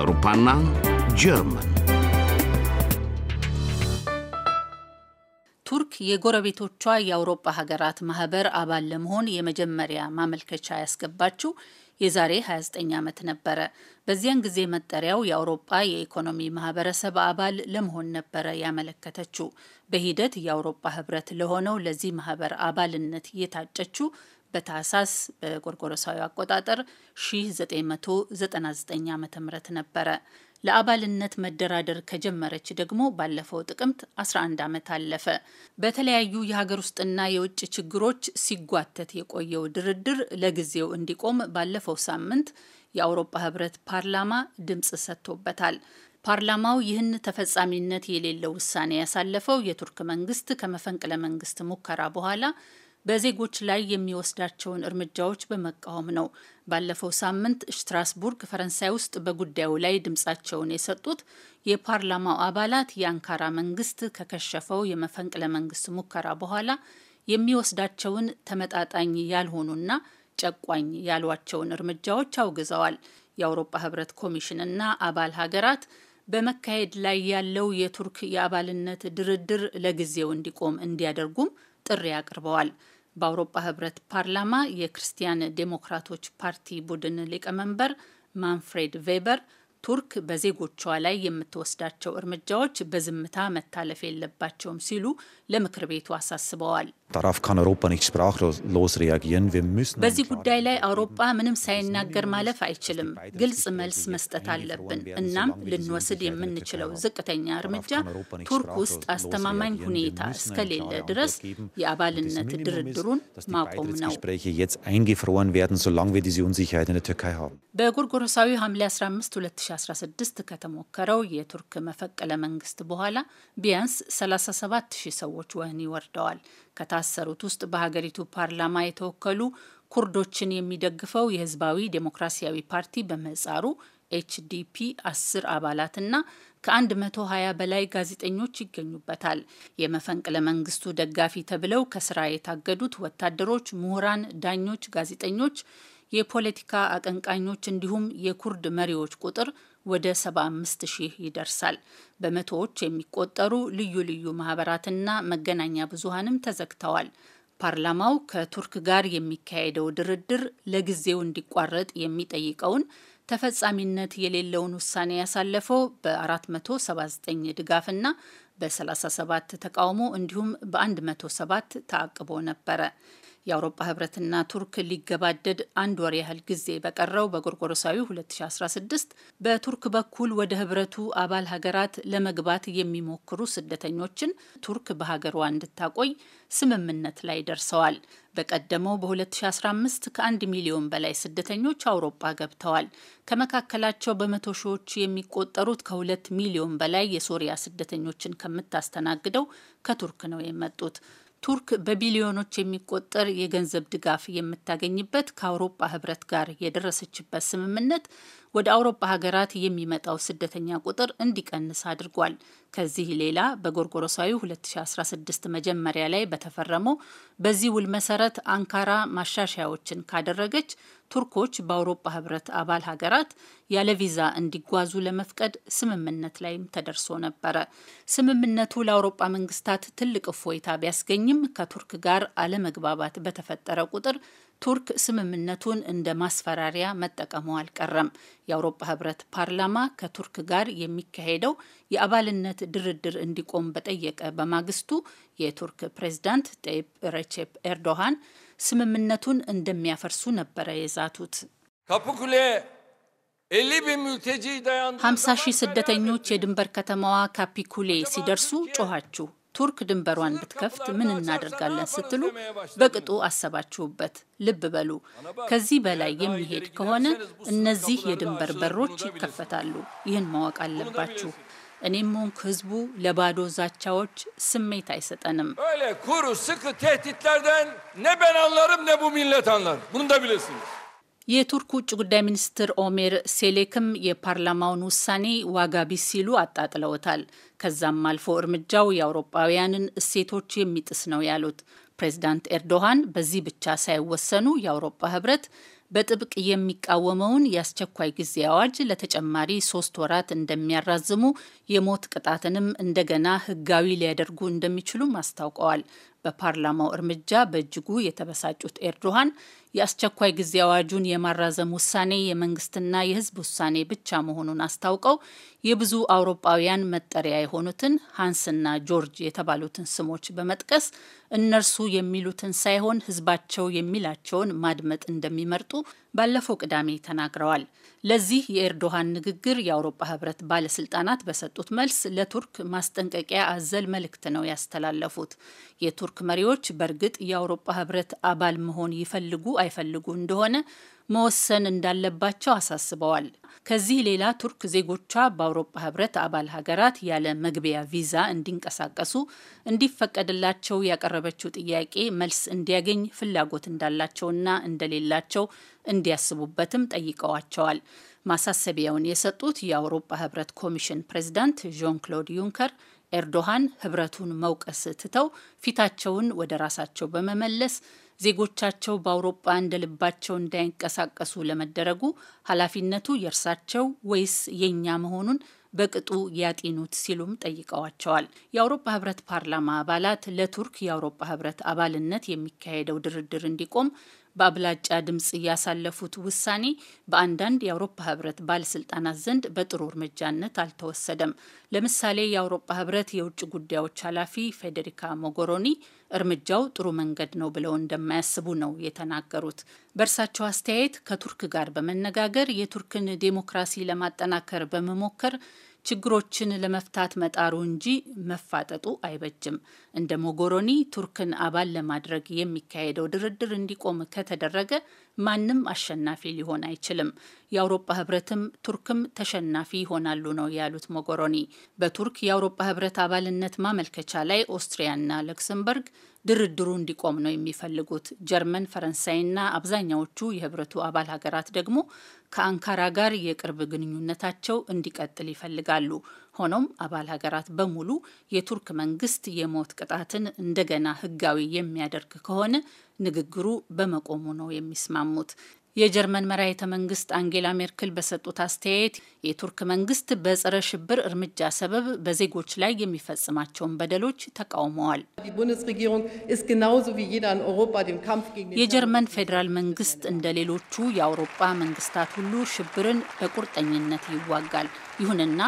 አውሮፓና ጀርመን ቱርክ የጎረቤቶቿ የአውሮፓ ሀገራት ማህበር አባል ለመሆን የመጀመሪያ ማመልከቻ ያስገባችው የዛሬ 29 ዓመት ነበረ። በዚያን ጊዜ መጠሪያው የአውሮፓ የኢኮኖሚ ማህበረሰብ አባል ለመሆን ነበረ ያመለከተችው። በሂደት የአውሮፓ ህብረት ለሆነው ለዚህ ማህበር አባልነት የታጨችው በታህሳስ በጎርጎረሳዊ አቆጣጠር 1999 ዓ ም ነበረ። ለአባልነት መደራደር ከጀመረች ደግሞ ባለፈው ጥቅምት 11 ዓመት አለፈ። በተለያዩ የሀገር ውስጥና የውጭ ችግሮች ሲጓተት የቆየው ድርድር ለጊዜው እንዲቆም ባለፈው ሳምንት የአውሮፓ ህብረት ፓርላማ ድምፅ ሰጥቶበታል። ፓርላማው ይህን ተፈጻሚነት የሌለው ውሳኔ ያሳለፈው የቱርክ መንግስት ከመፈንቅለ መንግስት ሙከራ በኋላ በዜጎች ላይ የሚወስዳቸውን እርምጃዎች በመቃወም ነው። ባለፈው ሳምንት ስትራስቡርግ ፈረንሳይ ውስጥ በጉዳዩ ላይ ድምጻቸውን የሰጡት የፓርላማው አባላት የአንካራ መንግስት ከከሸፈው የመፈንቅለ መንግስት ሙከራ በኋላ የሚወስዳቸውን ተመጣጣኝ ያልሆኑና ጨቋኝ ያሏቸውን እርምጃዎች አውግዘዋል። የአውሮፓ ህብረት ኮሚሽን እና አባል ሀገራት በመካሄድ ላይ ያለው የቱርክ የአባልነት ድርድር ለጊዜው እንዲቆም እንዲያደርጉም ጥሪ አቅርበዋል። በአውሮፓ ህብረት ፓርላማ የክርስቲያን ዴሞክራቶች ፓርቲ ቡድን ሊቀመንበር ማንፍሬድ ቬበር ቱርክ በዜጎቿ ላይ የምትወስዳቸው እርምጃዎች በዝምታ መታለፍ የለባቸውም ሲሉ ለምክር ቤቱ አሳስበዋል። Darauf kann Europa nicht sprachlos reagieren. Wir müssen በዚህ ጉዳይ ላይ አውሮፓ ምንም ሳይናገር ማለፍ አይችልም። ግልጽ መልስ መስጠት አለብን። እናም ልንወስድ የምንችለው ዝቅተኛ እርምጃ ቱርክ ውስጥ አስተማማኝ ሁኔታ እስከሌለ ድረስ የአባልነት ድርድሩን ማቆም ነው። በጎርጎሮሳዊ ሐምሌ 15 2016 ከተሞከረው የቱርክ መፈቀለ መንግስት በኋላ ቢያንስ 37 ሺህ ሰዎች ወህኒ ወርደዋል። ከታሰሩት ውስጥ በሀገሪቱ ፓርላማ የተወከሉ ኩርዶችን የሚደግፈው የህዝባዊ ዴሞክራሲያዊ ፓርቲ በምህጻሩ ኤችዲፒ አስር አባላትና ከ120 በላይ ጋዜጠኞች ይገኙበታል። የመፈንቅለ መንግስቱ ደጋፊ ተብለው ከስራ የታገዱት ወታደሮች፣ ምሁራን፣ ዳኞች፣ ጋዜጠኞች የፖለቲካ አቀንቃኞች እንዲሁም የኩርድ መሪዎች ቁጥር ወደ 75 ሺህ ይደርሳል። በመቶዎች የሚቆጠሩ ልዩ ልዩ ማህበራትና መገናኛ ብዙሀንም ተዘግተዋል። ፓርላማው ከቱርክ ጋር የሚካሄደው ድርድር ለጊዜው እንዲቋረጥ የሚጠይቀውን ተፈጻሚነት የሌለውን ውሳኔ ያሳለፈው በ479 ድጋፍና በ37 ተቃውሞ እንዲሁም በ107 ተአቅቦ ነበረ። የአውሮፓ ህብረትና ቱርክ ሊገባደድ አንድ ወር ያህል ጊዜ በቀረው በጎርጎሮሳዊ 2016 በቱርክ በኩል ወደ ህብረቱ አባል ሀገራት ለመግባት የሚሞክሩ ስደተኞችን ቱርክ በሀገሯ እንድታቆይ ስምምነት ላይ ደርሰዋል። በቀደመው በ2015 ከአንድ ሚሊዮን በላይ ስደተኞች አውሮፓ ገብተዋል። ከመካከላቸው በመቶ ሺዎች የሚቆጠሩት ከሁለት ሚሊዮን በላይ የሶሪያ ስደተኞችን ከምታስተናግደው ከቱርክ ነው የመጡት። ቱርክ በቢሊዮኖች የሚቆጠር የገንዘብ ድጋፍ የምታገኝበት ከአውሮፓ ህብረት ጋር የደረሰችበት ስምምነት ወደ አውሮፓ ሀገራት የሚመጣው ስደተኛ ቁጥር እንዲቀንስ አድርጓል። ከዚህ ሌላ በጎርጎሮሳዊ 2016 መጀመሪያ ላይ በተፈረመው በዚህ ውል መሰረት አንካራ ማሻሻያዎችን ካደረገች ቱርኮች በአውሮፓ ህብረት አባል ሀገራት ያለ ቪዛ እንዲጓዙ ለመፍቀድ ስምምነት ላይም ተደርሶ ነበረ። ስምምነቱ ለአውሮፓ መንግስታት ትልቅ እፎይታ ቢያስገኝም ከቱርክ ጋር አለመግባባት በተፈጠረ ቁጥር ቱርክ ስምምነቱን እንደ ማስፈራሪያ መጠቀሙ አልቀረም። የአውሮፓ ህብረት ፓርላማ ከቱርክ ጋር የሚካሄደው የአባልነት ድርድር እንዲቆም በጠየቀ በማግስቱ የቱርክ ፕሬዝዳንት ጠይብ ረቼፕ ኤርዶሃን ስምምነቱን እንደሚያፈርሱ ነበረ የዛቱት። ሀምሳ ሺህ ስደተኞች የድንበር ከተማዋ ካፒኩሌ ሲደርሱ ጮኋችሁ ቱርክ ድንበሯን ብትከፍት ምን እናደርጋለን ስትሉ በቅጡ አሰባችሁበት። ልብ በሉ፣ ከዚህ በላይ የሚሄድ ከሆነ እነዚህ የድንበር በሮች ይከፈታሉ። ይህን ማወቅ አለባችሁ። እኔም ሆንኩ ህዝቡ ለባዶ ዛቻዎች ስሜት አይሰጠንም። ኩሩ ስክ የቱርክ ውጭ ጉዳይ ሚኒስትር ኦሜር ሴሌክም የፓርላማውን ውሳኔ ዋጋ ቢስ ሲሉ አጣጥለውታል። ከዛም አልፎ እርምጃው የአውሮፓውያንን እሴቶች የሚጥስ ነው ያሉት ፕሬዚዳንት ኤርዶሃን በዚህ ብቻ ሳይወሰኑ የአውሮፓ ህብረት በጥብቅ የሚቃወመውን የአስቸኳይ ጊዜ አዋጅ ለተጨማሪ ሶስት ወራት እንደሚያራዝሙ የሞት ቅጣትንም እንደገና ህጋዊ ሊያደርጉ እንደሚችሉም አስታውቀዋል። በፓርላማው እርምጃ በእጅጉ የተበሳጩት ኤርዶሃን የአስቸኳይ ጊዜ አዋጁን የማራዘም ውሳኔ የመንግስትና የህዝብ ውሳኔ ብቻ መሆኑን አስታውቀው የብዙ አውሮጳውያን መጠሪያ የሆኑትን ሃንስና ጆርጅ የተባሉትን ስሞች በመጥቀስ እነርሱ የሚሉትን ሳይሆን ህዝባቸው የሚላቸውን ማድመጥ እንደሚመርጡ ባለፈው ቅዳሜ ተናግረዋል። ለዚህ የኤርዶሃን ንግግር የአውሮፓ ህብረት ባለስልጣናት በሰጡት መልስ ለቱርክ ማስጠንቀቂያ አዘል መልእክት ነው ያስተላለፉት። የቱርክ መሪዎች በእርግጥ የአውሮፓ ህብረት አባል መሆን ይፈልጉ አይፈልጉ እንደሆነ መወሰን እንዳለባቸው አሳስበዋል። ከዚህ ሌላ ቱርክ ዜጎቿ በአውሮፓ ህብረት አባል ሀገራት ያለ መግቢያ ቪዛ እንዲንቀሳቀሱ እንዲፈቀድላቸው ያቀረበችው ጥያቄ መልስ እንዲያገኝ ፍላጎት እንዳላቸውና እንደሌላቸው እንዲያስቡበትም ጠይቀዋቸዋል። ማሳሰቢያውን የሰጡት የአውሮፓ ህብረት ኮሚሽን ፕሬዚዳንት ዣን ክሎድ ዩንከር ኤርዶሃን ህብረቱን መውቀስ ትተው ፊታቸውን ወደ ራሳቸው በመመለስ ዜጎቻቸው በአውሮጳ እንደ ልባቸው እንዳይንቀሳቀሱ ለመደረጉ ኃላፊነቱ የእርሳቸው ወይስ የእኛ መሆኑን በቅጡ ያጢኑት ሲሉም ጠይቀዋቸዋል። የአውሮፓ ህብረት ፓርላማ አባላት ለቱርክ የአውሮፓ ህብረት አባልነት የሚካሄደው ድርድር እንዲቆም በአብላጫ ድምፅ ያሳለፉት ውሳኔ በአንዳንድ የአውሮፓ ህብረት ባለስልጣናት ዘንድ በጥሩ እርምጃነት አልተወሰደም። ለምሳሌ የአውሮፓ ህብረት የውጭ ጉዳዮች ኃላፊ ፌዴሪካ ሞጎሮኒ እርምጃው ጥሩ መንገድ ነው ብለው እንደማያስቡ ነው የተናገሩት። በእርሳቸው አስተያየት ከቱርክ ጋር በመነጋገር የቱርክን ዴሞክራሲ ለማጠናከር በመሞከር ችግሮችን ለመፍታት መጣሩ እንጂ መፋጠጡ አይበጅም። እንደ ሞጎሮኒ ቱርክን አባል ለማድረግ የሚካሄደው ድርድር እንዲቆም ከተደረገ ማንም አሸናፊ ሊሆን አይችልም። የአውሮፓ ህብረትም ቱርክም ተሸናፊ ይሆናሉ ነው ያሉት ሞጎሮኒ። በቱርክ የአውሮፓ ህብረት አባልነት ማመልከቻ ላይ ኦስትሪያና ለክሰምበርግ ድርድሩ እንዲቆም ነው የሚፈልጉት። ጀርመን፣ ፈረንሳይና አብዛኛዎቹ የህብረቱ አባል ሀገራት ደግሞ ከአንካራ ጋር የቅርብ ግንኙነታቸው እንዲቀጥል ይፈልጋሉ። ሆኖም አባል ሀገራት በሙሉ የቱርክ መንግስት የሞት ቅጣትን እንደገና ህጋዊ የሚያደርግ ከሆነ ንግግሩ በመቆሙ ነው የሚስማሙት። የጀርመን መራሄተ መንግስት አንጌላ ሜርክል በሰጡት አስተያየት የቱርክ መንግስት በጸረ ሽብር እርምጃ ሰበብ በዜጎች ላይ የሚፈጽማቸውን በደሎች ተቃውመዋል። የጀርመን ፌዴራል መንግስት እንደ ሌሎቹ የአውሮፓ መንግስታት ሁሉ ሽብርን በቁርጠኝነት ይዋጋል። ይሁንና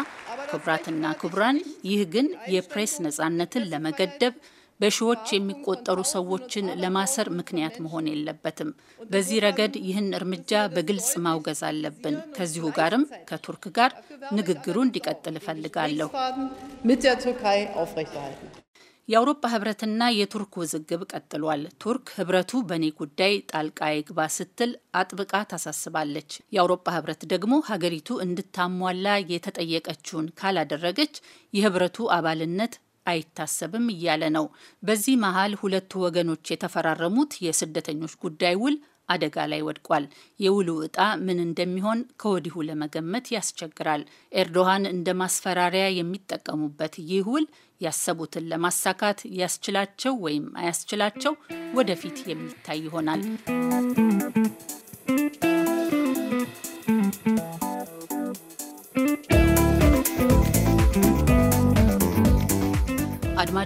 ክቡራትና ክቡራን፣ ይህ ግን የፕሬስ ነጻነትን ለመገደብ በሺዎች የሚቆጠሩ ሰዎችን ለማሰር ምክንያት መሆን የለበትም። በዚህ ረገድ ይህን እርምጃ በግልጽ ማውገዝ አለብን። ከዚሁ ጋርም ከቱርክ ጋር ንግግሩ እንዲቀጥል እፈልጋለሁ። የአውሮፓ ህብረትና የቱርክ ውዝግብ ቀጥሏል። ቱርክ ህብረቱ በእኔ ጉዳይ ጣልቃ ይግባ ስትል አጥብቃ ታሳስባለች። የአውሮፓ ህብረት ደግሞ ሀገሪቱ እንድታሟላ የተጠየቀችውን ካላደረገች የህብረቱ አባልነት አይታሰብም እያለ ነው። በዚህ መሀል ሁለቱ ወገኖች የተፈራረሙት የስደተኞች ጉዳይ ውል አደጋ ላይ ወድቋል። የውሉ ዕጣ ምን እንደሚሆን ከወዲሁ ለመገመት ያስቸግራል። ኤርዶሃን እንደ ማስፈራሪያ የሚጠቀሙበት ይህ ውል ያሰቡትን ለማሳካት ያስችላቸው ወይም አያስችላቸው ወደፊት የሚታይ ይሆናል።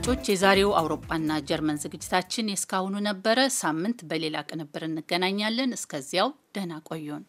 አድማጮች፣ የዛሬው አውሮፓና ጀርመን ዝግጅታችን የእስካሁኑ ነበረ። ሳምንት በሌላ ቅንብር እንገናኛለን። እስከዚያው ደህና ቆዩን።